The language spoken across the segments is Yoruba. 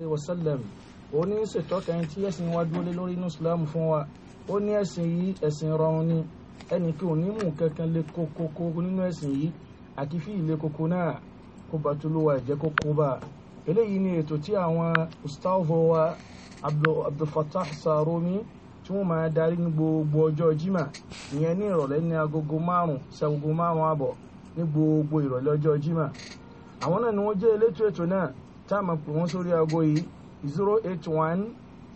alayhi wa sallam ó ní ṣètọ́ka ẹni tí ẹ̀sìn wa dúró lórí inú islam fún wa ó ní ẹ̀sìn yìí ẹ̀sìn rọrùn ni ẹnì kí òní mú kankan lé kókókó nínú ẹ̀sìn yìí àti fi ilé kókó náà kó bá tó ló wa ẹ̀jẹ̀ kókó bá eléyìí ni ètò tí àwọn ustavo wa abdulfatah saromi tí wọ́n máa darí ní gbogbo ọjọ́ jimá ìyẹn ní ìrọ̀lẹ́ ní agogo márùn-ún sí agogo márùn-ún àbọ̀ ní gbogbo ìrọ̀lẹ́ ọjọ́ jimá àwọn náà ni wọ́n jẹ́ elétò ètò náà Tama and promotion area go 081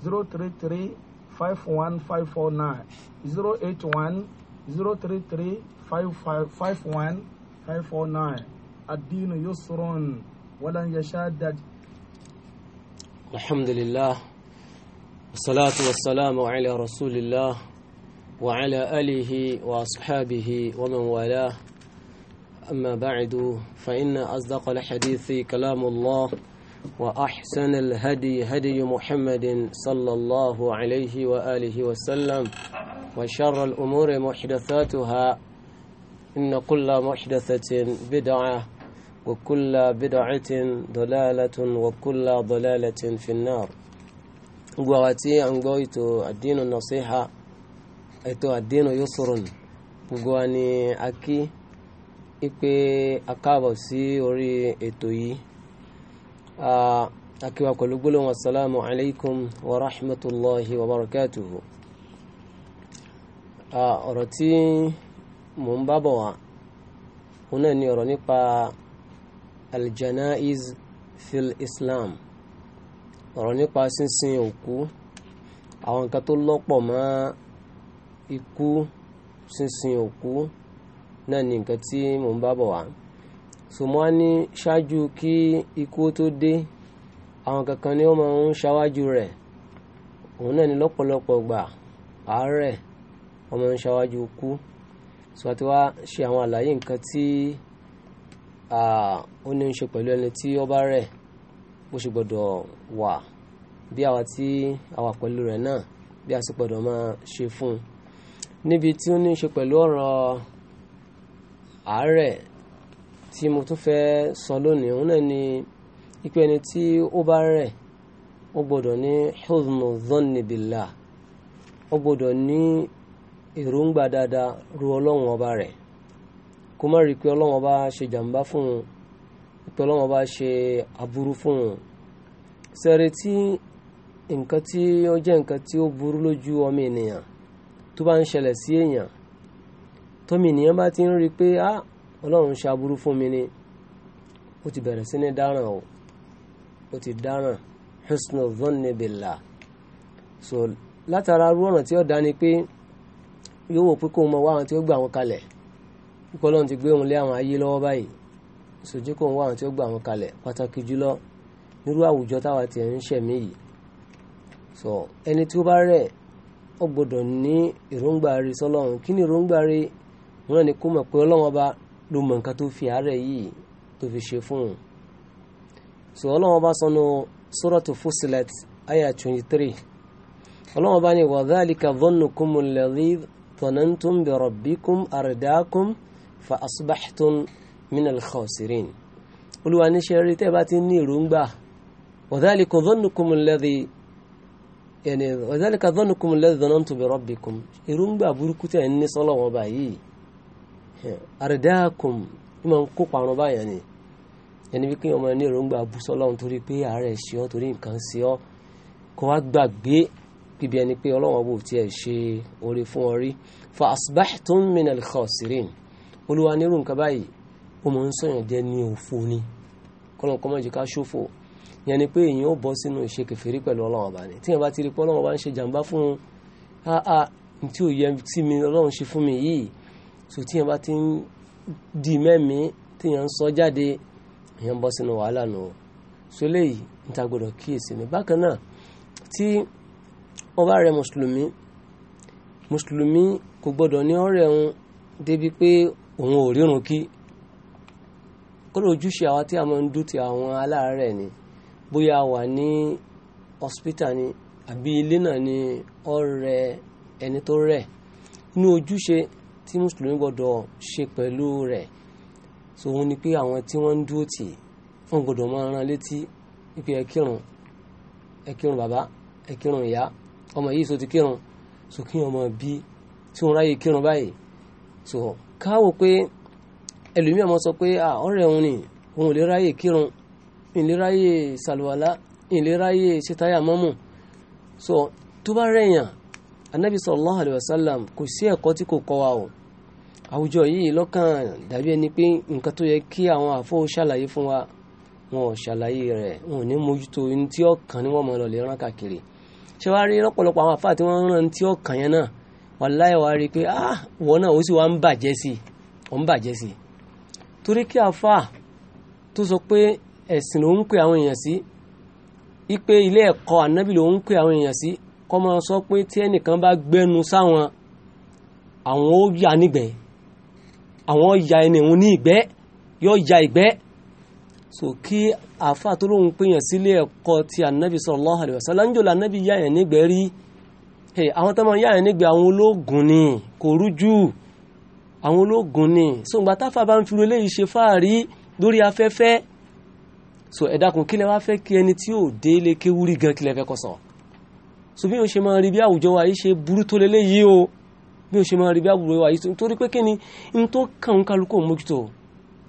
033 51549 081 033 51549 الدين يسر ولن يشاد الحمد لله والصلاة والسلام على رسول الله وعلى آله وأصحابه ومن والاه أما بعد فإن أصدق الحديث كلام الله وأحسن الهدي هدي محمد صلى الله عليه وآله وسلم وشر الأمور محدثاتها إن كل محدثة بدعة وكل بدعة ضلالة وكل ضلالة في النار واتي أنقويت الدين النصيحة أتو الدين يسر واني أكي إكي أكابو سي أوري إتوي akiwa pẹ̀lú gbólóhùn asalaamu alaykum wa rahmatulahi wa barakatuhu ọ̀rọ̀ tí mò ń bá bọ̀ wá òun náà ni ọ̀rọ̀ nípa aljanaiz fil islam ọ̀rọ̀ nípa sínsìn òkú àwọn nǹkan tó lọ́pọ̀ mọ́ ikú sínsìn òkú náà ni nǹkan tí mò ń bá wá sòmọ́á ní ṣáájú kí ikú tó dé àwọn kankan ni wọ́n máa ń ṣáwájú rẹ̀ òun náà ní lọ́pọ̀lọpọ̀ gbà àárẹ̀ wọ́n máa ń ṣáwájú kú sọ àti wá ṣe àwọn àlàyé nǹkan tí ó ní í ṣe pẹ̀lú ẹni tí ó bá rẹ̀ bó ṣe gbọ́dọ̀ wà bí àwa tí a wà pẹ̀lú rẹ̀ náà bí a sì gbọ́dọ̀ máa ṣe fún un níbi tí ó ní í ṣe pẹ̀lú ọ̀rọ̀ àárẹ̀ tí mo tún fẹ́ sọ lónìí òun náà ni ipe ẹni tí ó bá rẹ̀ ó gbọ́dọ̀ ní hudnu dhanni billah ó gbọ́dọ̀ ní èròǹgbà dáadáa ru ọlọ́run ọba rẹ̀ kó má rí i pé ọlọ́run ọba ṣe jàǹbá fún un pé ọlọ́run ọba ṣe aburú fún un sẹ́rẹ̀ tí nǹkan tí ó jẹ́ nǹkan tí ó burú lójú ọmọ ènìyàn tó bá ń ṣẹlẹ̀ sí èèyàn tọ́mọ ènìyàn bá ti ń rí i pé ah ọlọ́run ṣe aburú fún mi ni ó ti bẹ̀rẹ̀ sí ní dáràn o ó ti dáràn husnu dhanni so látara arú ọ̀ràn tí ó dá ni pé yóò wò pé kóun mọ wá àwọn tí ó gbà wọn kalẹ̀ kókó ọlọ́run ti gbé òun lé àwọn ayé lọ́wọ́ báyìí sojú kóun wá àwọn tí ó gbà wọn kalẹ̀ pàtàkì jùlọ nírú àwùjọ táwa ti ń ṣẹ̀mí yìí so ẹni tí ó bá rẹ̀ ó gbọ́dọ̀ ní èròǹgbà rí sọlọ́run kí ni èròǹgbà rí wọn ni kó mọ̀ pé ọlọ́wọ́n bá ló mọ nǹkan tó fi àárẹ̀ yìí tó fi ṣe fún un so ọlọ́wọ́n bá sọnù suratu Fussilat aya twenty three ọlọ́wọ́n bá ní wa dhalika dhannukumu alladhi dhanantum bi rabbikum ardaakum fa asbahtum minal khasirin olúwa ní ṣe rí tẹ́ bá ti ní èròǹgbà wa dhalika dhannukumu alladhi yani wa dhalika dhannukumu alladhi dhanantum bi rabbikum èròǹgbà burúkú tẹ̀ ń ní sọ́lọ́wọ́n báyìí àrídákùn ní ma ń kó parun báyẹn ni ẹni wípé ọmọ ẹni èròǹgbà búsọ́lọ́run torí pé ààrẹ ṣe ọ́ torí nǹkan ṣe ọ́ kó wá gbàgbé bíbi ẹni pé ọlọ́wọ́n bò tiẹ̀ ṣe oore fún ọ rí fa asbahtum min al-khasirin olúwa nírú nǹkan báyìí ó mọ̀ ń sọ̀yàn jẹ́ ní òfo ni kọ́lọ́n kọ́ mọ́jú ká ṣòfò yẹn ni pé èèyàn ó bọ́ sínú ìṣe kẹfìrí pẹ̀lú ọlọ́wọ́n ọba ni tíyẹn bá ti rí pé ọlọ́wọ́n ọba ń ṣe jàǹbá fún un ah ah ntí ò yẹ tí mi ọlọ́run ṣe fún mi yìí so tí yẹn bá ti ń di mẹ́mí tí yẹn ń sọ jáde yẹn ń bọ́ sínú wàhálà nù o so eléyìí ń ta gbọdọ̀ kíyèsí ni bákan náà tí wọ́n bá rẹ mùsùlùmí mùsùlùmí kò gbọdọ̀ ní ọ̀rẹ́ òun débi pé òun ò rírun kí kódà ojúṣe àwa tí a máa ń dùn àwọn aláàárẹ̀ ni bóyá wà ní hospital ni àbí ilé náà ni ọ̀rẹ́ ẹni tó rẹ̀ inú ojúṣe tí mùsùlùmí gbọ́dọ̀ ṣe pẹ̀lú rẹ̀ so òun ni pé àwọn tí wọ́n ń dúró tì wọ́n gbọ́dọ̀ máa rán létí wípé ẹ kírun ẹ kírun bàbá ẹ kírun ìyá ọmọ yìí so ti kírun so kí ọmọ bí tí wọ́n ráyè kírun báyìí so káwọ pé ẹlòmíì ọmọ sọ pé ọ̀rẹ́ òun ni òun lè ráyè kírun ìlè ráyè sàlùwàlá ìlè ráyè ṣètáyà mọ́mù so tó bá rẹ̀yàn anabi sallallahu alayhi wa sallam kò sí ẹ̀kọ́ tí kò kọ́ wa o àwùjọ yìí lọ́kàn dàbí ẹni pé nǹkan tó yẹ kí àwọn àfọ́ ṣàlàyé fún wa wọn ò ṣàlàyé rẹ̀ wọn ò ní mójútó ní tí ọkàn ni wọ́n mọ̀ lọ lè rán káàkiri ṣé wàá rí lọ́pọ̀lọpọ̀ àwọn àfáà tí wọ́n ń rán tí ọkàn yẹn náà wàláyé wàá rí i pé ah wọ́n náà ó sì wá ń bàjẹ́ sí i ó ń bàjẹ́ sí i torí kí àfáà tó sọ pé ẹ̀sìn ló ń pè àwọn èèyàn sí ipe ilé ẹ̀kọ́ ànábì ló ń pè àwọn èèyàn sí kọ́ máa sọ pé tí ẹnìkan bá gbẹnu sáwọn àwọn ó yà nígbẹ́ àwọn ya ẹni òun ní ìgbẹ́ yóò ya ìgbẹ́ so kí àfa tó lóun péyàn sílé ẹ̀kọ́ ti ànábì sallallahu alaihi wasallam ńjọ́ lànábì yà yẹn nígbẹ́ rí àwọn tó máa yà yẹn nígbẹ́ àwọn ológun ni kò rújú àwọn ológun ni so ìgbà táfà bá ń fi eléyìí ṣe fáàrí lórí afẹ́fẹ́ so ẹ̀dá kùn kí lẹ wá fẹ́ kí ẹni tí ò délé kéwúrí gan kí lẹ fẹ́ kọ́ sọ̀rọ̀ so bí o ṣe máa rí bí àwùjọ wa yìí ṣe burú tó lélẹ́ yìí o bí o ṣe máa rí bí àwùjọ wa yìí torí pé kí ni n tó kàn oníkálukú òmójútó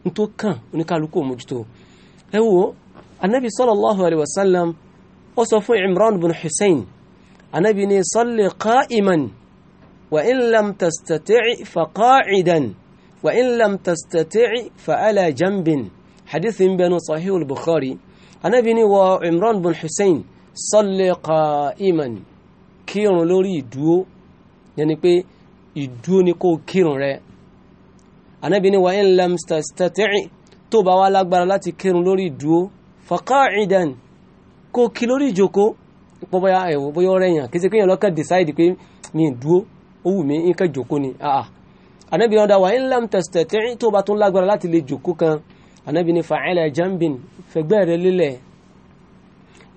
n tó kàn oníkálukú òmójútó ẹ wo anabi sallallahu alayhi wa sallam ó sọ fún imran bin hussein anabi ni salli qa'iman wa in lam tastati' fa qa'idan wa in lam tastati' fa ala janbin hadith in bẹnu sahih bukhari anabi ni wa imran bin hussein salli qa'iman kírun lórí ìdúó yẹn ni pé ìdúó ni kó kírun rẹ anábì ni wa in lam tastati' tó bá wá lágbára láti kírun lórí ìdúó fa qa'idan kó kí lórí ìjókòó pọ́ bóyá ẹ̀wọ̀ bóyá ọ̀rẹ́ yàn kí sí kéèyàn lọ́kàn decide pé mi ìdúó ó wù mí nǹkan jòkó ni àà anábì ọ̀dà wa in lam tastati' tó bá tún lágbára láti lè jòkó kan anábì ni fa'ala jambin fẹ̀gbẹ́ rẹ lélẹ̀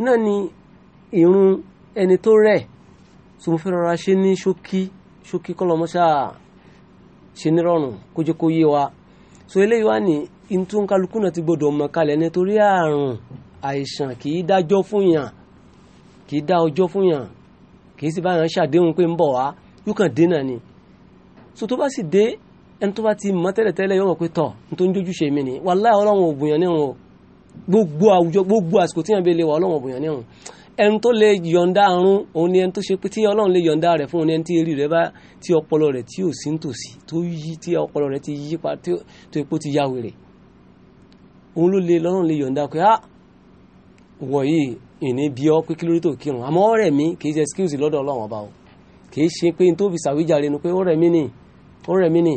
náà ni irun ẹni tó rẹ̀ so mo fẹ́ rọra ṣe ní ṣókí ṣókí kọ́lọ́mọ́ṣá ṣe nírọ̀rùn kó jẹ́ kó yé wa so eléyìí wá ní ntú kálukú náà ti gbọdọ̀ mọ̀ kalẹ̀ nítorí àrùn àìsàn kì í dájọ́ fún yàn kì í dá ọjọ́ fún yàn kì í sì bá ṣàdéhùn pé ń bọ̀ wá yóò kàn dé náà ni so tó bá sì dé ẹni tó bá ti mọ̀ tẹ́lẹ̀tẹ́lẹ̀ yóò mọ̀ pé tọ̀ n tó ń jójú ṣe mí ni wàláhì ọlọ́run òbùyàn níhùn gbogbo àwùjọ gbogbo àsìkò tíyàn bẹ́ẹ̀ lè wà ọlọ́run òbùyàn níhùn ẹni tó lè yọ̀ǹda àrùn òun ni ẹni tó ṣe pé tí ọlọ́run lè yọ̀ǹda rẹ̀ fún òun ni ẹni tí eré rẹ̀ bá tí ọpọlọ rẹ̀ tí ò sí nítòsí tó yí tí ọpọlọ rẹ̀ ti yí pa tó epo ti yá wèrè òun ló lè lọ́rùn lè yọ̀ǹda pé á ah, wọ̀nyí ìní bí ọ pé kí lórí tó kírun àmọ́ ọ̀rẹ́ mi kì í ṣe excuse lọ́dọ̀ ọlọ́run ọba o kì í ṣe pé n tó fi ṣàwíjàre nu pé ọ̀rẹ́ mi ni ọ̀rẹ́ mi ni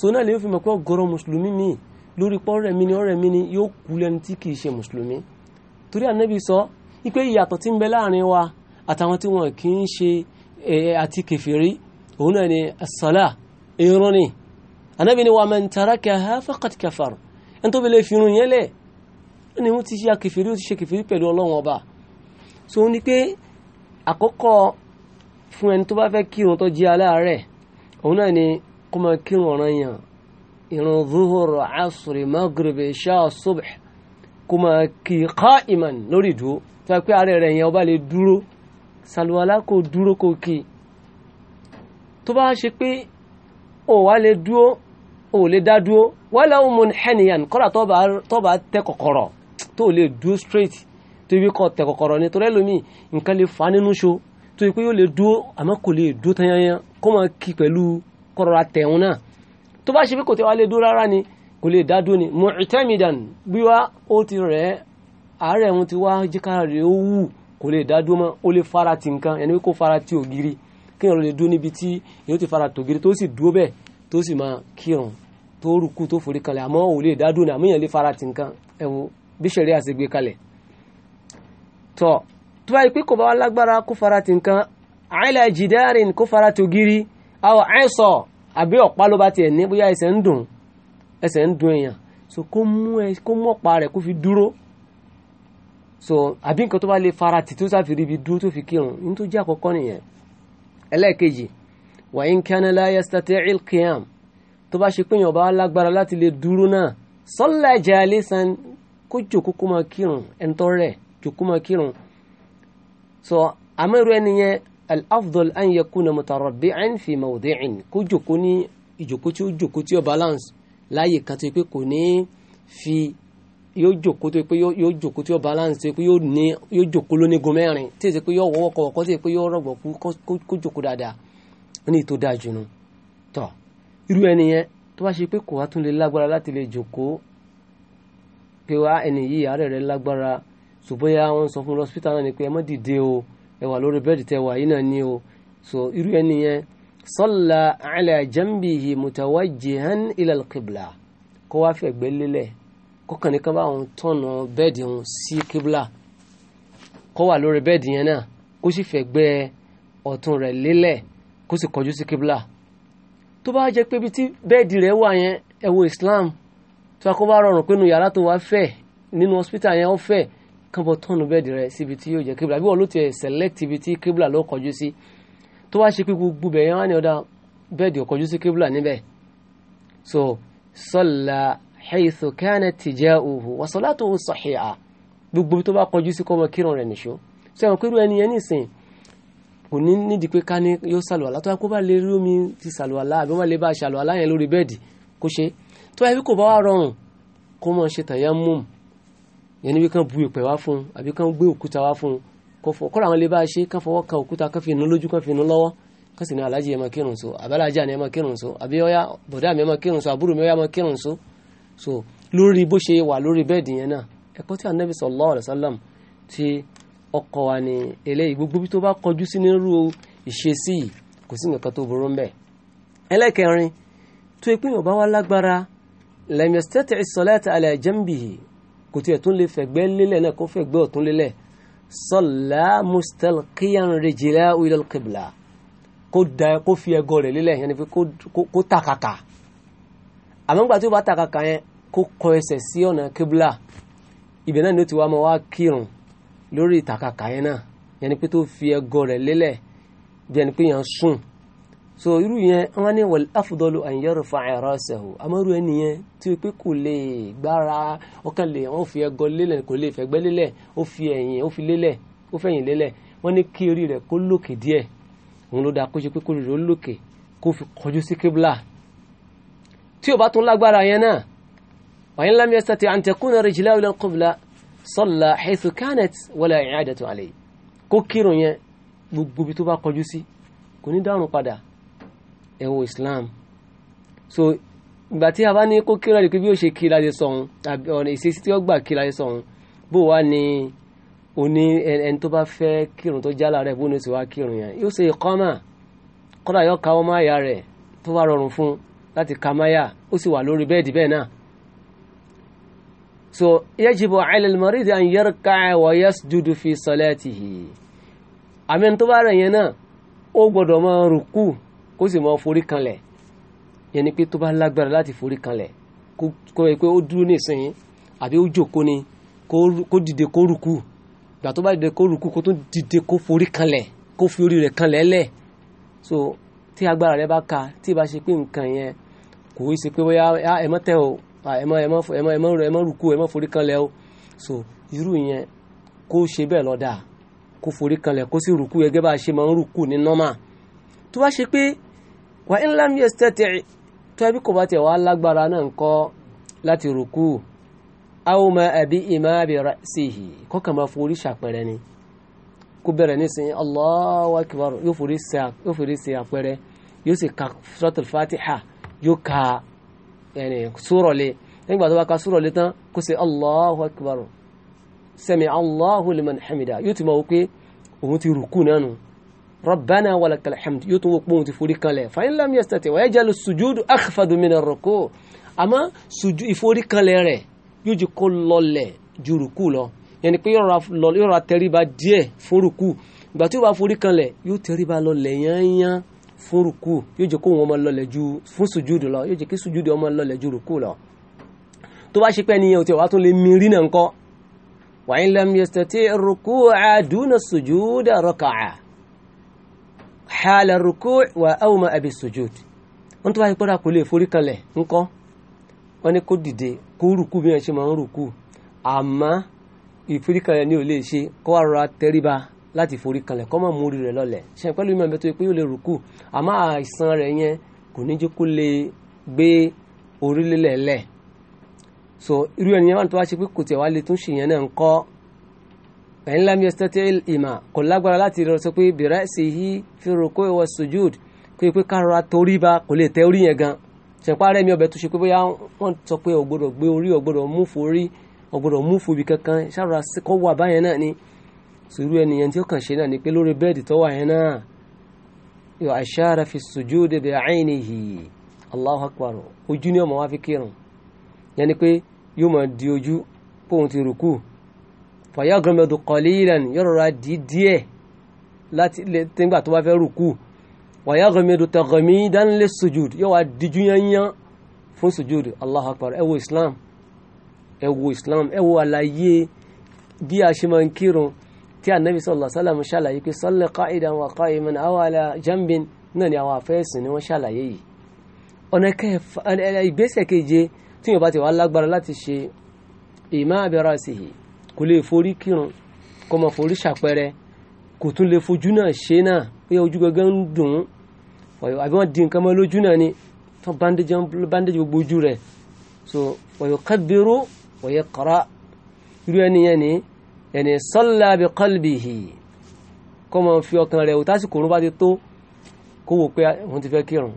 so náà lè fi mọ̀ pé ọ̀gọ̀rọ̀ mùsùlùmí mi lórí pé ọ̀rẹ́ mi ni ọ̀rẹ́ mi ni yóò kú lẹ́ni tí kì í ṣe mùsùlùmí torí ànábì sọ wípé ìyàtọ̀ tí ń bẹ láàrin wa àtàwọn tí wọn kì í ṣe àti kèfèrí òun náà ni as-salah irun ni anábì ni wa man tarakaha faqad kafar ẹni tó fi lè fi irun yẹn lẹ̀ ó ní wọ́n ti ṣe kèfèrí ó ti ṣe kèfèrí pẹ̀lú ọlọ́wọ́n ọba so ó ní pé àkọ́kọ́ fún ẹni tó bá fẹ́ kírun tó jẹ́ aláàárẹ̀ òun náà ni kó máa kírun ọ̀ranyàn ìrun zuhur asr maghrib isha subh kó máa kí qa'iman lórí ìdúró tó wá pé ààrẹ rẹ̀ yẹn ọba lè dúró sàlùwàlá kò dúró kò kí tó bá ṣe pé ò wá lè dúró ò lè dá dúró walau munhaniyan kọ́ra tó bá tẹ kọ̀kọ̀rọ̀ tó lè dúró straight tó ibi kọ́ tẹ kọ̀kọ̀rọ̀ nítorí ẹlòmíì nǹkan lè fà á nínú ṣo tó yẹ pé yóò lè dúró àmọ́ kò lè dúró tán yányán kó máa kí pẹ̀lú kọ́rọ̀ra kò lè dá dúró ni mu'tamidan bí wá ó ti rẹ̀ àárẹ̀ wọn ti wá jíkà rẹ̀ ó wù kò lè dá dúró mọ́ ó lè fara ti nǹkan ẹni kó fara ti ògiri kíyàn lè dúró níbi tí yóò ti fara tògiri tó sì dúró bẹ́ẹ̀ tó sì máa kírun tó rúkú tó forí kalẹ̀ àmọ́ ò lè dá dúró ni àmúyàn lè fara ti nǹkan ẹ̀wọ̀n bí sẹ̀rí àṣegbè kalẹ̀ tọ́ tó báyìí pé kò bá wá lágbára kó fara ti nǹkan àìlà jìdáàrin kó fara tògiri àwọn àìsàn àbí ọ̀pá ló bá tiẹ̀ ní bóyá ẹsẹ̀ ń dùn ẹsẹ̀ ń dun èèyàn so kó mú ẹ kó mú ọ̀pá rẹ̀ kó fi dúró so àbí nǹkan tó bá lè fara tì tó sáfi ríbi dúró tó fi kírun ní tó jẹ́ àkọ́kọ́ nìyẹn ẹlẹ́ẹ̀kejì wa in kana la yastati'il qiyam tó bá ṣe pé èèyàn bá lágbára láti lè dúró náà salla jalisan kó jòkó kó máa kírun ẹ̀ńtọ́ rẹ̀ jòkó máa kírun so àmọ́ irú ẹni yẹn al-afdal an yakuna mutarabbi'an fi mawdi'in kó jòkó ní ìjòkó tí ó jòkó tí ó balance láàyè kan tó pé kò ní fi yóò jòkó tó pé yóò jòkó tó yóò balance tó pé yóò ní yóò jòkó lónígun mẹ́rin tí èsì pé yóò wọ́wọ́ kọ̀ọ̀kọ́ tí èsì pé yóò rọ̀gbọ̀ kú kó jòkó dáadáa ó ní ètò dáa jù nù tọ̀ irú ẹni yẹn tó bá ṣe pé kò wá tún lè lágbára láti lè jòkó pé wá ẹni yìí àárẹ̀ rẹ̀ lágbára ṣùgbọ́n yà wọ́n sọ fún lọ́sítà náà ni pé ẹ má dìde o ẹ wà lórí bẹ́ẹ̀dì tẹ wà yìí náà ni o so irú ẹni yẹn salla ala jambihi mutawajjihan ila alqibla kó wá fẹ̀gbẹ́ lélẹ̀ kó kàn ní kan bá òun tọ̀nà bẹ́ẹ̀dì òun sí qibla kó wà lórí bẹ́ẹ̀dì yẹn náà kó sì fẹ̀gbẹ́ ọ̀tún rẹ̀ lélẹ̀ kó sì kọjú sí qibla tó bá jẹ́ pé bí tí bẹ́ẹ̀dì rẹ̀ wà yẹn ẹ wo islam tó kó bá rọrùn pé nu yàrá tó wá fẹ̀ nínú hospital yẹn ó fẹ̀ kán tọ̀nà bẹ́ẹ̀dì rẹ̀ síbi tí yóò jẹ́ qibla bí wọ́n ló ti select ibi tí qibla ló kọjú sí. Si tó wá ṣe pé gbogbo bẹ̀rẹ̀ wọn ni ọ̀dà bẹ́ẹ̀dì ọ̀kọ́jú sí kébùlà níbẹ̀ so sọ́là haythu kánà tijā'uhu wa salatuhu sahiha gbogbo tó bá kọjú sí kọ́mọ kírun rẹ̀ nìṣó sẹ́wọ̀n pẹ̀lú ẹni yẹn nìsín kò ní nídìí pé ká ní yóò sàlùwàlá tó yẹ kó bá lè rí omi ti sàlùwàlá àbí wọ́n lè bá sàlùwàlá yẹn lórí bẹ́ẹ̀dì kó ṣe tó yẹ kó bá wà rọrùn kó mọ̀ ṣe tayammum yẹn níbi kan bu ìpẹ́ wá fún àbí kan gbé òkúta wá fún kó fọ kọ́ra àwọn ilé bá ṣe kán fọwọ́ kan òkúta kán fi nu lójú kán fi nu lọ́wọ́ kán sì ní alájí ẹ̀ máa kírun so abẹ́lájà ni ẹ̀ máa kírun so àbí ọ̀yá bọ̀dá mi ẹ̀ máa kírun so àbúrò mi ọ̀yá máa kírun so so lórí bó ṣe wà lórí bẹ́ẹ̀dì yẹn náà ẹ̀kọ́ tí anabi sallallahu alaihi ti ọkọ̀ wa ni eléyìí gbogbo bí tó bá kọjú sí nírú ìṣesí yìí kò sí nǹkan tó burú mbẹ́ ẹlẹ́kẹrin tó ipin ọba wa lágbára lẹ́mẹ̀sítẹ́tẹ̀ ìsọ̀lẹ́tẹ̀ alẹ́ jẹ́mbì kò tiẹ̀ tún sọlá mustalqiyan rijlahu ila al-qibla kó da kó fi ẹgọ rẹ̀ lélẹ̀ yẹn ni pé kó takaka àmọ́ nígbà tí ó bá takaka yẹn kó kọ ẹsẹ̀ sí ọ̀nà qibla ibẹ̀ náà ni ó ti wá máa wá kírun lórí ìtakaka yẹn náà yẹn ni pé tó fi ẹgọ rẹ̀ lélẹ̀ bí ẹni pé yẹn sùn so irú yẹn wọ́n ní wal afdalu an yarfa'a rasahu amọ́rú ẹni yẹn tí o pé kò lè gbára ọkàn lè wọ́n fi ẹgọ lélẹ̀ kò lè fẹ́gbẹ́ lélẹ̀ ó fi ẹ̀yìn ó fi lélẹ̀ ó fẹ̀yìn lélẹ̀ wọ́n ní kí orí rẹ̀ kó lókè díẹ̀ òun ló dáa kó ṣe pé kó rírò lókè kó fi kọjú sí kébùlà tí o bá tún lágbára yẹn náà wàyí ńlá mi ẹ̀ sàtì an takuna rijlahu ila al-qibla salla haythu kanat wala ẹ islam so ìgbà tí a bá ní kó kíra lè pé bí ó ṣe kíra lè sọ̀hún tàbí ọ̀nà ìṣesí tí ó gbà kíra lè sọ̀hún bó wá ní oní ẹni tó bá fẹ́ kírun tó jálá rẹ̀ bó ní sì wá kírun yẹn yóò ṣe ìkọ́mà kọ́dà yóò ka ọmọ àyà rẹ̀ tó wá rọrùn fún láti ka máyà ó sì wà lórí bẹ́ẹ̀dì bẹ́ẹ̀ náà so yajibu ala al-marid an yarka'a wa yasjudu fi salatihi àmì tó bá rẹ̀ yẹn náà ó gbọ́dọ̀ máa rùkú kó sì mọ forí kanlẹ̀ yẹn ni pé tó bá lágbára láti forí kanlẹ̀ kó yẹ pé ó dúró nísìnyí àbí ó jòkó ni kó dìde kó rùkú gbà tó bá dìde kó rùkú kó tó dìde kó forí kanlẹ̀ kó fi orí rẹ̀ kanlẹ̀ lẹ̀ so tí agbára rẹ̀ bá ka tí ìbá ṣe pé nǹkan yẹn kò í ṣe pé bóyá ẹ mọ́ tẹ́ o ẹ mọ́ ẹ mọ́ ẹ mọ́ ẹ ẹ mọ́ forí kanlẹ̀ o so irú yẹn kó ṣe bẹ́ẹ̀ lọ́dà kó forí kanlẹ̀ kó sì rùkú yẹn gẹ́gẹ́ bá ṣe máa ń rùkú ní nọ́mà tó bá ṣe pé wà in lam yastati' tó ẹbí kò bá tẹ̀ wá lágbára náà ń kọ́ láti rùkú aw ma àbí ima bi ra'sihi kọ́kà máa forí ṣàpẹrẹ ni kó bẹ̀rẹ̀ nísìnyí Allahu akbar yóò forí ṣe àpẹrẹ yóò sì ka suratul fatiha yóò ka ẹni sórọ̀lẹ̀ nígbà tó bá ka sórọ̀lẹ̀ tán kó ṣe Allahu akbar sami Allahu liman hamida yóò ti máa wọ pé òun ti rùkú náà nù rabbana walakal hamd yóò tún wọ́n pọ́n ti forí kanlẹ̀ fa in lam yastati wa yajalu sujudu akhfadu min ar-ruku àmọ́ sùjú ìforí kanlẹ̀ rẹ̀ yóò jẹ́ kó lọlẹ̀ ju rùkú lọ yẹni pé yóò ra tẹríba díẹ̀ fún rùkú ìgbà tí ó bá forí kanlẹ̀ yóò tẹríba lọlẹ̀ yányán fún rùkú yóò jẹ́ kó wọn máa lọlẹ̀ ju fún sùjúdù lọ yóò jẹ́ kí sùjúdù ó máa lọlẹ̀ ju rùkú lọ tó bá ṣe pé ẹni yẹn ò tẹ̀ wá tún lè mìíràn náà ńkọ́ wa in lam yastati ar-ruku'a duna sujuda raka'a hàlà rúkú wà áwùmọ̀ àbí sujud wọ́n tó bá yí pọ́dà kò lè forí kanlẹ̀ ńkọ́ wọ́n ní kó dìde kó rúkú bí wọ́n ṣe máa ń rúkú àmọ́ ìforí kanlẹ̀ ni ò lè ṣe kó wá rọra tẹríba láti forí kanlẹ̀ kó má múri rẹ̀ lọ́lẹ̀ ṣe pẹ́lú ìmọ̀ ẹ̀mẹ́tọ́ pé yóò lè rúkú àmọ́ àìsàn rẹ̀ yẹn kò ní jẹ́ kó lè gbé orílẹ̀ lẹ̀ so irú ẹni yẹn wà tó wá ṣe pé kò lè tún ṣèyẹn náà ńkọ́ ẹ̀yìn lam yastati' ìmà kò lágbára láti rọ sọ pé bira'sihi fi ruku'i wa sujud pé pé kára torí ba kò lè tẹ orí yẹn gan ṣẹ̀pá rẹ̀ mi ọbẹ̀ tó ṣe pé bóyá wọ́n sọ pé ọ̀gbọ́dọ̀ gbé orí ọ̀gbọ́dọ̀ mú forí ọ̀gbọ́dọ̀ mú fobi kankan ṣàrà kọ́ wà báyẹn náà ni sùúrù ẹnìyẹn tí ó kàn ṣe náà ni pé lórí bẹ́ẹ̀dì tó wà yẹn náà yóò máa fàyàgọ́mẹ́dù kọ̀lílan yọ̀rọ̀ra dì díẹ̀ láti lè tẹ́gbà tó bá fẹ́ rùkú wàyàgọ́mẹ́dù tàgọ́mí dánilé sujud yóò wá díjú yányán fún sujud Allahu akbar ẹ wo islam ẹ wo islam ẹ wo àlàyé bí a ṣe máa ń kírun tí anabi sallallahu alaihi wasallam ṣàlàyé pé salli qa'idan wa qa'iman aw ala jambin náà ni àwọn afẹ́sìn ni wọ́n ṣàlàyé yìí ọ̀nà ìgbésẹ̀ keje tí yóò kò lè forí kírun kọ́ mọ forí ṣàpẹrẹ kò tún lè fojú náà ṣe náà bóyá ojú gangan ń dùn ún àbí wọ́n di nǹkan mọ́ lójú náà ni tó bandage gbogbo ojú rẹ̀ so wọ̀yọ̀ kábíró wọ̀yẹ̀ kọ́ra irú ẹni yẹn ni ẹni sọ́lá bí kọ́lbìhì kọ́ mọ fi ọkàn rẹ̀ òtásìkò òun bá ti tó kó wò pé òun ti fẹ́ kírun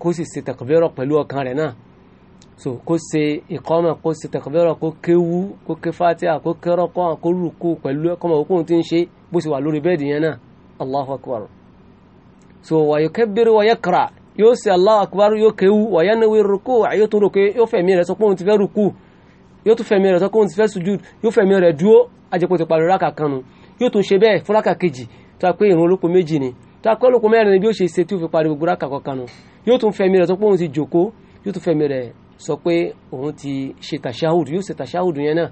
kó sì ṣe tẹ̀kọ̀bẹ́rọ̀ pẹ̀lú ọkàn rẹ̀ náà so kó ṣe ìkọ́mọ̀ kó ṣe tẹ̀kọ̀bẹ́rọ̀ kó kéwú kó ké fatia kó kẹ́rọ̀ kọ́ àwọn kó rúkú pẹ̀lú ẹ̀kọ́mọ̀ òkú tí ń ṣe bó ṣe wà lórí bẹ́ẹ̀dì yẹn náà allahu akbar so wàyò kẹ́bẹ́rẹ́ wàyẹ kra yóò ṣe allahu akbar yóò kéwú wàyẹ níwèé rúkú yóò tún rúkú yóò fẹ̀mí rẹ̀ sọ pé òun ti fẹ́ rúkú yóò tún fẹ̀mí rẹ̀ sọ pé òun ti fẹ́ sujud yóò fẹ̀mí rẹ̀ dúró ajẹ́pọ̀ ti parí rákà kan nu yóò tó sọ pé òun ti ṣe tàṣáhùdù yóò ṣe tàṣáhùdù yẹn náà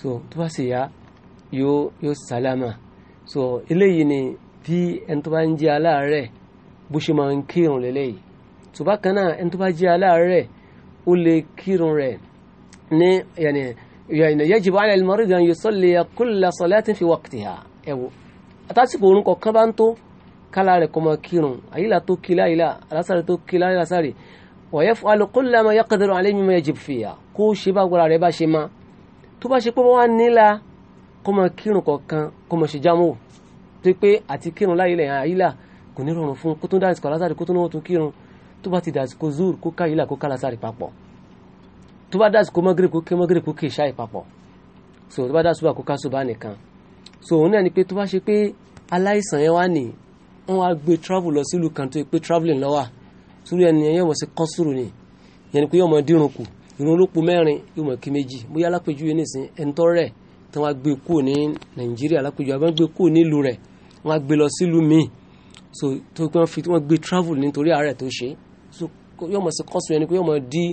so tó bá sì yá yóò yóò sálámà so eléyìí ni bí ẹni tó bá ń jẹ aláàárẹ̀ bó ṣe máa ń kírun lélẹ́yìí tó bá kan náà ẹni tó bá jẹ aláàárẹ̀ ó lè kírun rẹ̀ ní yẹnì yẹnì yajibu ala al-marid an yusalli kulla salatin fi waqtiha ẹ̀wò àtàsìkò orun kọ̀ọ̀kan bá ń tó kálá rẹ̀ kọ́ máa kírun àyílà tó kí láyìlá alásàrè tó kí láyìlá sáré ويفعل كل ما يقدر عليه مما يجب فيها kó ṣe bá gbọ́ra rẹ̀ bá ṣe ma tó bá ṣe pé wọ́n á nílà kó máa kírun kọ̀ọ̀kan kó máa ṣe jámọ́ tó pé àti kírun láyé ilẹ̀ àyílà kò ní rọrùn fún kó tó dá àsìkò alásàrì kó tó náwó tó kírun tó bá ti dá àsìkò zuur kó ká àyílà kó ká alásàrì papọ̀ tó bá dá àsìkò mọ́gírì kó ké mọ́gírì kó sórí ẹni yẹn wọ́n ṣe kọ́sùrù ni yẹn ni pé yọ̀ọ́ mọ dírun kù irun olópo mẹ́rin yóò mọ̀ kí méjì bóyá alápèjúwe nìsín ẹ̀ńtọ́ rẹ̀ tí wọ́n gbé kúrò ní nàìjíríà alápèjúwe àbá gbé kúrò nílùú rẹ̀ wọ́n gbé lọ sílùú míì so tó pé wọ́n fi wọ́n gbé travel nítorí àárẹ̀ tó ṣe so yóò mọ̀ sí kọ́sùn yẹn ni pé yóò mọ̀ dí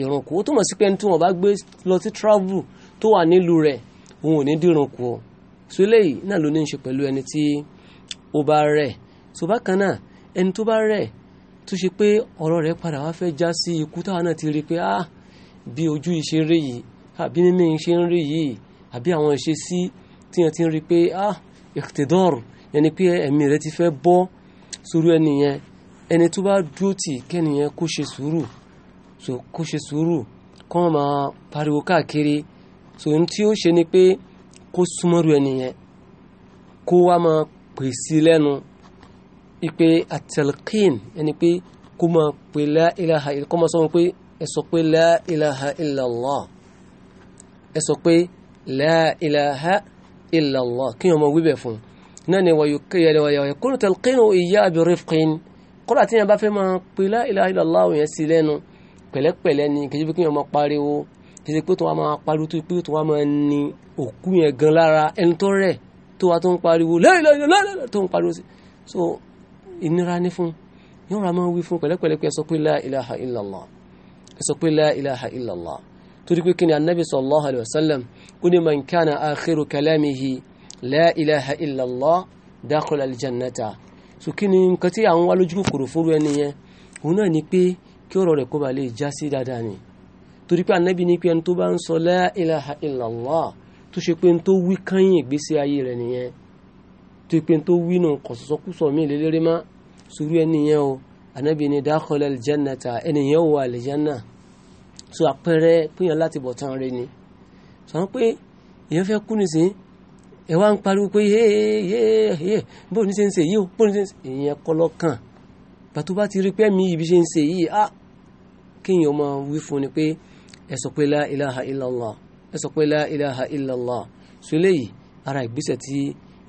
ìrun kù ó tó mọ̀ sí pé tí wọ́n bá gbé lọ sí travel tó wà nílùú rẹ̀ òun ò ní dírun kù ọ́ so eléyìí náà ló ní í ṣe pẹ̀lú ẹni tí ó bá rẹ̀ so bákan náà ẹni tó bá rẹ̀ tó ṣe pé ọ̀rọ̀ rẹ̀ padà wá fẹ́ já sí ikú táwọn náà ti rí pé ah bí ojú yìí ṣe ń rí yìí àbí ah, mímí ṣe ń rí yìí àbí àwọn ìṣesí tí wọ́n ti ń rí pé ah ìtẹ̀dọ́rù ẹni pé ẹ̀mí rẹ̀ ti fẹ́ bọ́ sórí ẹni yẹn ẹni tó bá dúró tì kẹ́ni yẹn kó ṣe sùúrù so kó ṣe sùúrù kọ́ ọ́n máa pariwo káàkiri so ohun tí ó ṣe ni pé kó súnmọ́rú ẹni yẹn kó wá máa pèsè lẹ́nu ipe atalqin ẹni pé kó máa pè la ilaha illa kó máa sọ wọn pé ẹ sọ pé la ilaha illallah ẹ sọ pé la ilaha illallah kí wọn máa wí bẹ̀ fún náà ni wàyò kéyàlẹ̀ wàyò kúrò talqin ìyá bi rifqin kọ́lá tí yẹn bá fẹ́ máa pè la ilaha illallah yẹn sí lẹ́nu pẹ̀lẹ́pẹ̀lẹ́ ni kìí kí wọn pariwo kìí pé tó wá máa pariwo tó pé tó wá máa ní òkú yẹn gan lára ẹni tó rẹ̀ tó wá tó ń pariwo lẹ́yìn lẹ́yìn lẹ́yìn tó ń pariwo sí ìnira ní fún yóò ra máa wí fún pẹ̀lẹ́pẹ̀lẹ́ pé ẹ sọ pé la ilaha illallah ẹ sọ pé la ilaha illallah torí pé kí ni anabi sallallahu alayhi wa sallam ó ní man kana akhiru kalamihi la ilaha illallah dakhala aljannata so kí ni nǹkan tí àwọn wá lójú kòkòrò fúru ẹni yẹn òun náà ni pé kí ọ̀rọ̀ rẹ̀ kó ba lè já sí dáadáa ni torí pé anabi pé ẹni tó bá ń sọ la ilaha tó ṣe pé ń tó wí kányìn ìgbésí ayé rẹ̀ nìyẹn tó pé tó wí nù kò sọsọkúsọ mí lélẹ́rẹ́ má sùúrù ẹni yẹn o ànábì ni dákọ̀lẹ̀ aljannata ẹni yẹn wà aljanna so àpẹẹrẹ pínyàn láti bọ̀ tán rẹ ni sọ pé èèyàn fẹ́ kú nìsín ẹ wá ń pariwo pé yéèyéèyé bóun ní ṣe ń ṣe yìí o bóun ní ṣe ń ṣe èèyàn kọ́lọ́ kàn bá ti rí pé mi ibi ṣe ń ṣe yìí ah kéèyàn máa wí fún ni pé ẹ sọ pé la ilaha ẹ sọ pé la ilaha illallah eléyìí ara ìgbésẹ̀ tí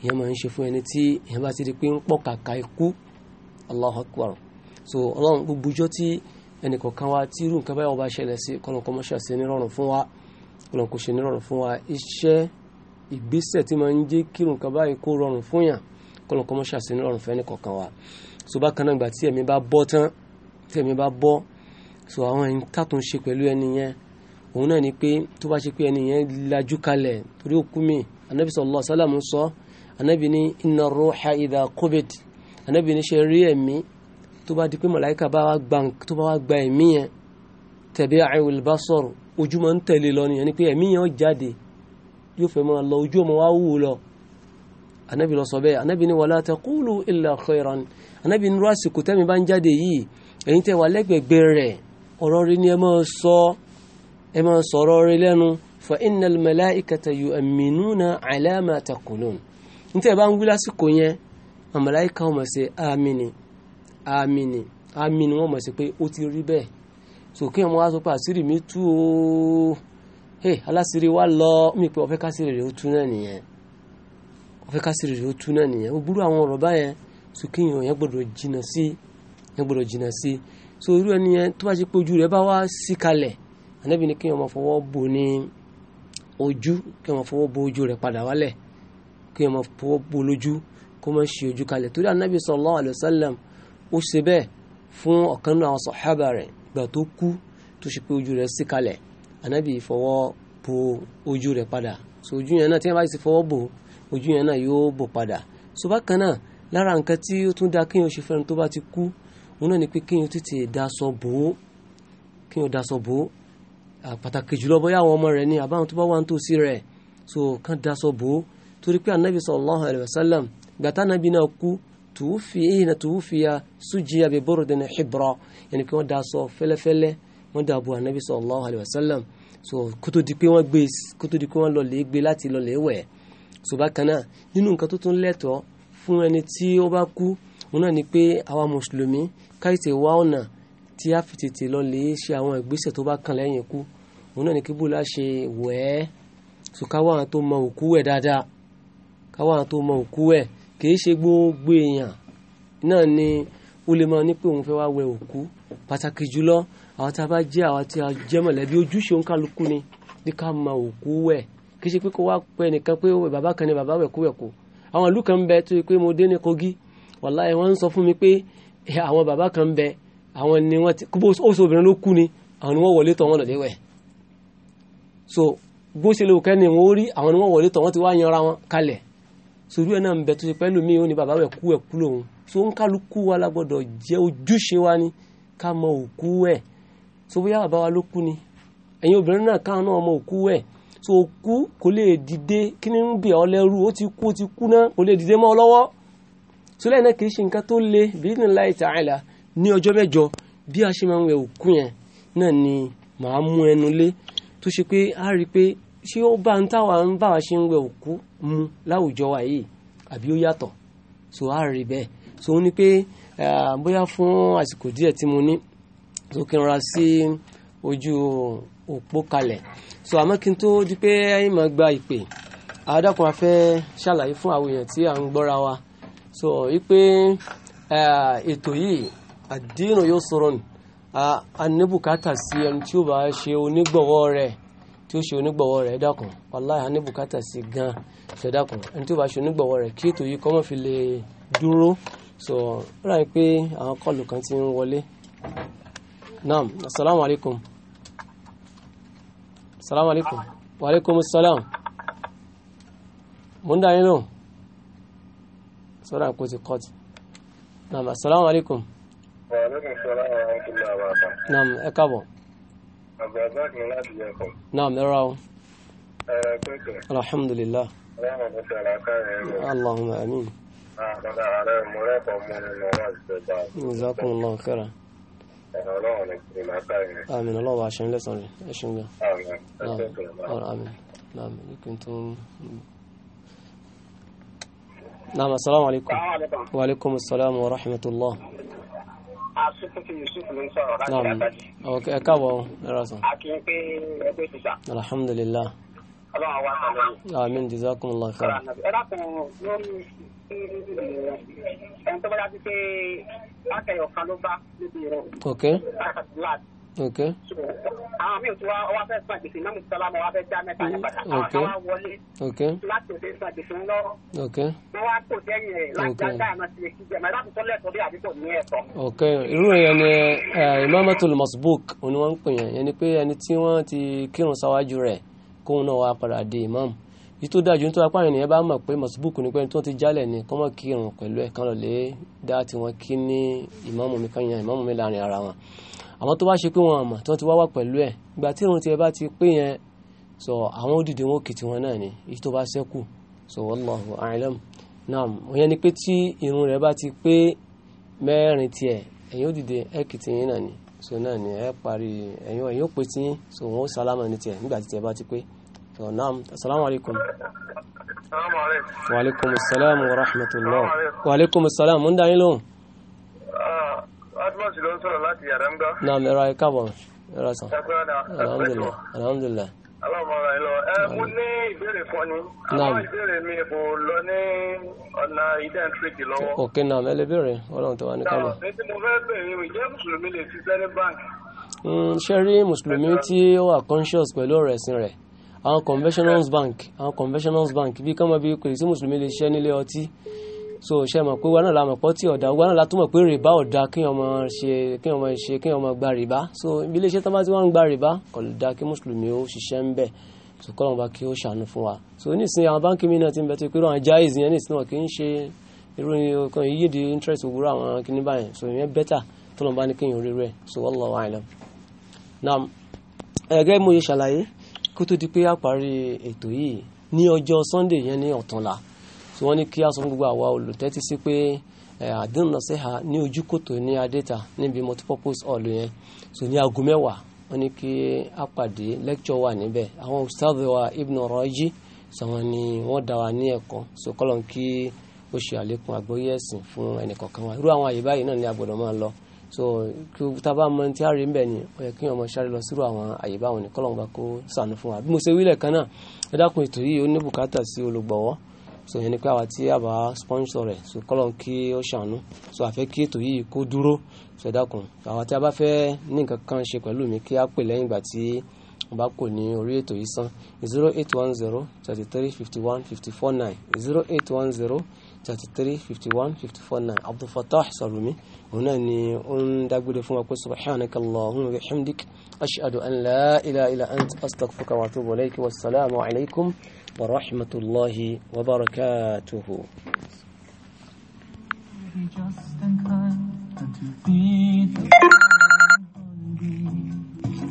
ìyẹn máa ń ṣe fún ẹni tí ìyẹn bá ti di pé ń pọ̀ kàkà ikú Allahu so ọlọ́run gbogbo ijó tí ẹnì kọ̀ọ̀kan wa tí irú nǹkan báyìí wọ́n bá ṣẹlẹ̀ sí kọ́nà kọ́ mọ́ṣà sí nírọ̀rùn fún wa kọ́nà kò ṣe nírọ̀rùn fún wa iṣẹ́ ìgbésẹ̀ tí máa ń jẹ́ kí nǹkan báyìí kó rọrùn fún yàn kọ́nà kọ́ mọ́ṣà nírọ̀rùn fún ẹnì kọ̀ọ̀kan wa so bákan náà ìgbà tí ẹ̀mí bá bọ́ tán tí ẹ̀mí bá bọ́ so àwọn ẹni tàtún ṣe pẹ̀lú ẹni yẹn òun náà ni pé tó bá ṣe pé ẹni yẹn lajú kalẹ̀ torí ó mi anabi sọ anabi ní inna ruha idha qubid anabi ní ṣe rí ẹ̀mí tó bá di pé màláìka bá wá gba ẹ̀mí yẹn tabi'u al-basar ojú máa ń tẹ̀lé lọ nìyẹn ni pé ẹ̀mí yẹn ó jáde yóò fẹ́ máa lọ ojú ọmọ wa wù lọ anabi lọ sọ bẹ́ẹ̀ anabi ní wala taqulu illa khairan anabi ní rásìkò tẹ́mi bá ń jáde yìí ẹ̀yin tẹ́ wà lẹ́gbẹ̀gbẹ̀ rẹ̀ ọ̀rọ̀ rí ni ẹ máa sọ ẹ máa sọ̀rọ̀ rí lẹ́nu fa innal malaikata yu'minuna ala ma taqulun níta bá ń wí lásìkò yẹn àmàláìka ọmọ ṣe amini àmìnì àmìnì wọn mọ̀ sí pé ó ti rí bẹ́ẹ̀ sòkè ọmọ wa sọ pé àṣírí mi tú o hey aláṣírí wa lọ mí pé ọ̀fẹ́ kásìrì rẹ̀ ó tú náà nìyẹn ọ̀fẹ́ kásìrì rẹ̀ ó tú náà nìyẹn ó burú àwọn ọ̀rọ̀ báyẹn sòkè yẹn yẹn gbọ́dọ̀ jìnnà sí yẹn gbọ́dọ̀ jìnnà sí so irú ẹni yẹn tó bá ṣe pé ojú rẹ̀ bá wá sí kalẹ̀ ànábì kí ọmọ fọwọ́ bo ní ojú kí ọmọ fọwọ́ bo ojú rẹ̀ padà wálẹ̀ kí ẹ mọ fọwọ́ bò lójú kó mọ ṣe ojú kalẹ̀ torí anabi sallallahu alayhi wa sallam ó ṣe bẹ́ẹ̀ fún ọ̀kan nínú àwọn sọ̀hábà rẹ̀ ìgbà tó kú tó ṣe pé ojú rẹ̀ ṣí kalẹ̀ anabi fọwọ́ bò ojú rẹ̀ padà so ojú yẹn náà tí wọ́n bá ti fọwọ́ bò ojú yẹn náà yóò bò padà so bákan náà lára nǹkan tí ó tún da kéèyàn ṣe fẹ́ràn tó bá ti kú òun náà ni pé kéèyàn tètè daṣọ bò ó kéèyàn daṣọ bò ó pàtàkì jùlọ bóyá àwọn ọmọ rẹ̀ ni àbáwọn tó bá wà nítòsí rẹ̀ so kàn daṣọ bò ó torí pé anabi sallallahu alayhi wa sallam gbàtà anabi náà kú tuwufiya tuwufiya sujiya bi burdin hibra yẹni pé wọ́n da sọ fẹ́lẹ́fẹ́lẹ́ wọ́n da bu anabi sallallahu alayhi wa sallam so kótó di pé wọ́n gbé kótó di pé wọ́n lọ lè gbé láti lọ lè wẹ̀ so bákan náà nínú nǹkan tó tún lẹ́tọ̀ọ́ fún ẹni tí ó bá kú òun náà ni pé àwa mùsùlùmí káyìtì wá ọ̀nà tí a fi tètè lọ lè ṣe àwọn ìgbésẹ̀ tó bá kàn lẹ́yìn ikú òun náà ni kí bùlá ṣe wẹ̀ ẹ́ àwọn tó mọ òkú wẹ̀ dáadáa káwọn tó mọ òkú ẹ̀ kìí ṣe gbogbo èèyàn náà ni ó lè máa ní pé òun fẹ́ wá wẹ òkú pàtàkì jùlọ àwọn tí a bá jẹ́ àwọn tí a jẹ́ mọ̀lẹ́bí ojúṣe òǹkálukú ni bí ká mọ òkú wẹ̀ kìí ṣe pé kó wá pẹ́ nìkan pé bàbá kan ni bàbá wẹ̀kú àwọn ìlú kan bẹ tó yẹ pé mo dé ní Kogi wàláhì wọ́n ń sọ fún mi pé àwọn bàbá kan bẹ àwọn ni wọ́n ti kó oṣù obìnrin ló kú ni àwọn ni wọ́n wọlé tọ̀ wọ́n lọ́dẹ wẹ̀ so bó ṣe lè wò kẹ́ni wọ́n rí àwọn ni wọ́n wọlé tọ̀ wọ́n ti wá yanra wọn kalẹ̀ sórí ẹ̀ náà ń bẹ tó ṣe pẹ́lú mi ò ní bàbá kú ẹ̀ kú lòun so ń kálukú wa la gbọ́dọ̀ jẹ́ ojúṣe wa ni ká mọ òkú ẹ̀ so bóyá bàbá wa ló kú ni ẹ̀yin obìnrin náà káwọn náà mọ òkú ẹ̀ so òkú kò lè dìde kí ni ń bẹ̀ ọ́ lẹ́rú ó ti kú ó ti kú náà kò lè dìde mọ́ ọ lọ́wọ́ so lẹ́yìn náà kì í ṣe nǹkan tó le bíyìn láì tààlà ní ọjọ́ mẹ́jọ bí a ṣe máa ń wẹ òkú yẹn náà ni màá mú ẹnu lé tó ṣe pé a rí i pé ṣé ó bá ń táwa ń bá wa ṣe ń wẹ òkú mu láwùjọ wa yìí àbí ó yàtọ̀ so á rí bẹ́ẹ̀ so ó ní pé bóyá fún àsìkò díẹ̀ tí mo ní so kí n ra sí ojú òpó kalẹ̀ so àmọ́ kí n tó di pé ẹ̀yin máa gba ìpè àádọ́kùn afẹ́ ṣàlàyé fún àwọn èèyàn tí à ń gbọ́ra wa so wípé ètò yìí àdínú yóò sọ̀rọ̀ ní àníbùkátà sí ẹni tí ó bá ṣe onígbọ̀wọ́ rẹ̀ tí ó ṣe onígbọ̀wọ́ rẹ̀ dákun wallahi ní bùkátà sí gan ṣe dákun ẹni tí ó bá ṣe onígbọ̀wọ́ rẹ̀ kí ètò yìí kọ́ mọ́ fi lè dúró so rà pé àwọn kọlù kan ti ń wọlé naam asalaamu alaykum asalaamu alaykum wa alaykum salaam mo ń dá yín lóhùn sọ́dọ̀ àpò ti kọ́ọ̀tì naam asalaamu alaykum. wa alaykum salaam wa rahmatullahi wa barakatuh. naam ẹ káàbọ̀. نعم آه، الحمد لله اللهم آمين آه، جزاكم الله خيرا آه، آمين الله عشان لا صلي عشان لا نعم. آمين نعم كنتم نعم السلام عليكم وعليكم السلام ورحمة الله asukun ti yusuf ló ń sọ̀rọ̀ láti ok ẹ káàbọ̀ ẹ sàn. akin pé ẹgbẹ́ sísà. alhamdulilah. ọlọ́run wa sàn lórí. amin jazakumullah khair. ẹ dákun lórí ẹni tó bá dájú pé lákẹyọ̀ kan ló bá níbi ìrọ̀. ok àwọn míì tí wọ́n wá fẹ́ san gbèsè náà mùsùlùmí sálámù wá fẹ́ já mẹ́ta ní mm, padà àwọn kan wá wọlé láti òde san gbèsè ńlọ wọ́n wá kò sẹ́yìn rẹ̀ láti dáadáa náà ti lè kí jẹ́ mẹ́ta tó lẹ́tọ̀ọ́ bí àdúgbò ní ẹ̀tọ́. ok irú èèyàn ni imamatul masbuk ni wọ́n ń pè yẹn ni pé ẹni tí wọ́n ti kírun sáwájú rẹ̀ kóun náà wá padà di imam yìí tó dájú nítorí apá ènìyàn bá mọ̀ pé masbuk ni pé tí wọ́n ti jálẹ̀ ni kọ́ mọ̀ kírun pẹ̀lú ẹ̀ kan lọ́lẹ́ dá tiwọn kí ní ìmáàmù mi kan yan ìmáàmù mi láàrin ara wọn àwọn tó wá ṣe pé wọn àmọ̀ tí wọ́n ti wá wá pẹ̀lú ẹ̀ ìgbà tí irun tiẹ̀ bá ti pé yẹn sọ àwọn òdìdí wọn kì tiwọn náà ni èyí tó bá ṣẹ́kù sọ wallahu a'lam naam òyìn ni pé tí irun rẹ̀ bá ti pé mẹ́rin tiẹ̀ ẹ̀yin òdìdí ẹ̀ kì tiyín náà ni sọ náà ni ẹ̀ parí ẹ̀yin ẹ̀yin ó pé sọ wọn sálámà ní tiẹ̀ nígbà tí tiẹ̀ bá ti pé sọ naam asalaamu alaykum. wa salaam wa rahmatulah wa salaam mo ń yín lóhùn. Badmus ló ń sọ̀rọ̀ láti Yàrámgá. Naam ẹ̀rọ ayé káàbọ̀ ẹ̀rọ sàn. Alhamdulilah. Alhamdulilah. Aláwọ̀mọ́ra ẹ lọ. Ẹ mú ní ìbéèrè fún ni. Naam. Àwọn ìbéèrè mi kò lọ ní ọ̀nà ìdẹ́ntiriki lọ́wọ́. Òkè naam ẹ lè béèrè ọlọ́run tó wà ní kámọ̀. Ṣé tí mo fẹ́ bèèrè ìjẹ́ Mùsùlùmí Àwọn conventional bank àwọn conventional bank bí kọ́mọ bí kò sí Mùsùlùmí lè ṣiṣẹ́ nílé ọtí so ṣe mọ̀ pé wọn náà la mọ̀ pọ́ tí ọ̀dà wọn náà la tún mọ̀ pé rìbá ọ̀dà kí ọmọ ṣe kí ọmọ ṣe kí ọmọ gba rìbá so ibi iléeṣẹ́ tó bá ti wọ́n ń gba rìbá kò lè da kí mùsùlùmí ó ṣiṣẹ́ ń bẹ̀ so kọ́ lọ́n bá kí ó ṣàánú fún wa so nísìnyí àwọn báńkì mi náà ti ń bẹ tó pé àwọn jáìz yẹn nísìnyí wọn kì í ṣe irú nǹkan yíyí di interest òwúrọ̀ àwọn kìíní báyẹn so ìyẹn bẹ́tà tó lọ́n bá ní kéèyàn rí so wallahu a'lam naam ẹ̀gẹ́ mo ṣe ṣàlàyé kó tó di pé a parí ètò yìí ní ọjọ́ Sunday yẹn ní ọ̀túnla so wọ́n ní kí a sọ fún gbogbo àwa olùtẹ́tí sí pé àdéhùn náà sẹ́hà ní ojú kòtò ní adẹ́ta níbi multipurpose hall yẹn so ní aago mẹ́wàá wọ́n ní kí a pàdé lecture wà níbẹ̀ àwọn ustaz wa Ibn Raji sọ̀wọ́n ni wọ́n dá wa ní ẹ̀kọ́ so kọ́lọ̀ kí ó ṣe àlékún àgbóyè ẹ̀sìn fún ẹnìkọ̀ọ̀kan wa irú àwọn àyè náà ni a gbọ́dọ̀ máa lọ so kí tá a bá mọ tí a rí mbẹ ni ó yẹ kí ọmọ sáré lọ sírò àwọn àyè báwọn kọ́lọ̀ ń bá kó sànù fún wa bí mo ṣe wílẹ̀ kan náà ẹ dákun ètò yìí ó ní bùkátà sí olùgbọ̀wọ́ so yẹn ni pé àwa tí a bá sponsor rẹ̀ so kọ́lọ̀ kí ó ṣàánú so àfẹ́ kí ètò yìí kó dúró so ẹ dákun àwa tí a bá fẹ́ ní nǹkan kan ṣe pẹ̀lú mi kí a pè lẹ́yìn ìgbà tí wọ́n bá kò ní orí ètò yìí san zero eight one zero thirty three fifty one fifty four nine zero eight one zero thirty three fifty one fifty four nine abdulfatah salumi òun náà ni ó ń dágbére fún wa pé subhanaka allahumma bihamdik ashhadu an la ilaha illa ant astaghfiruka wa atubu ilayk wasalaamu alaykum. ورحمة الله وبركاته just to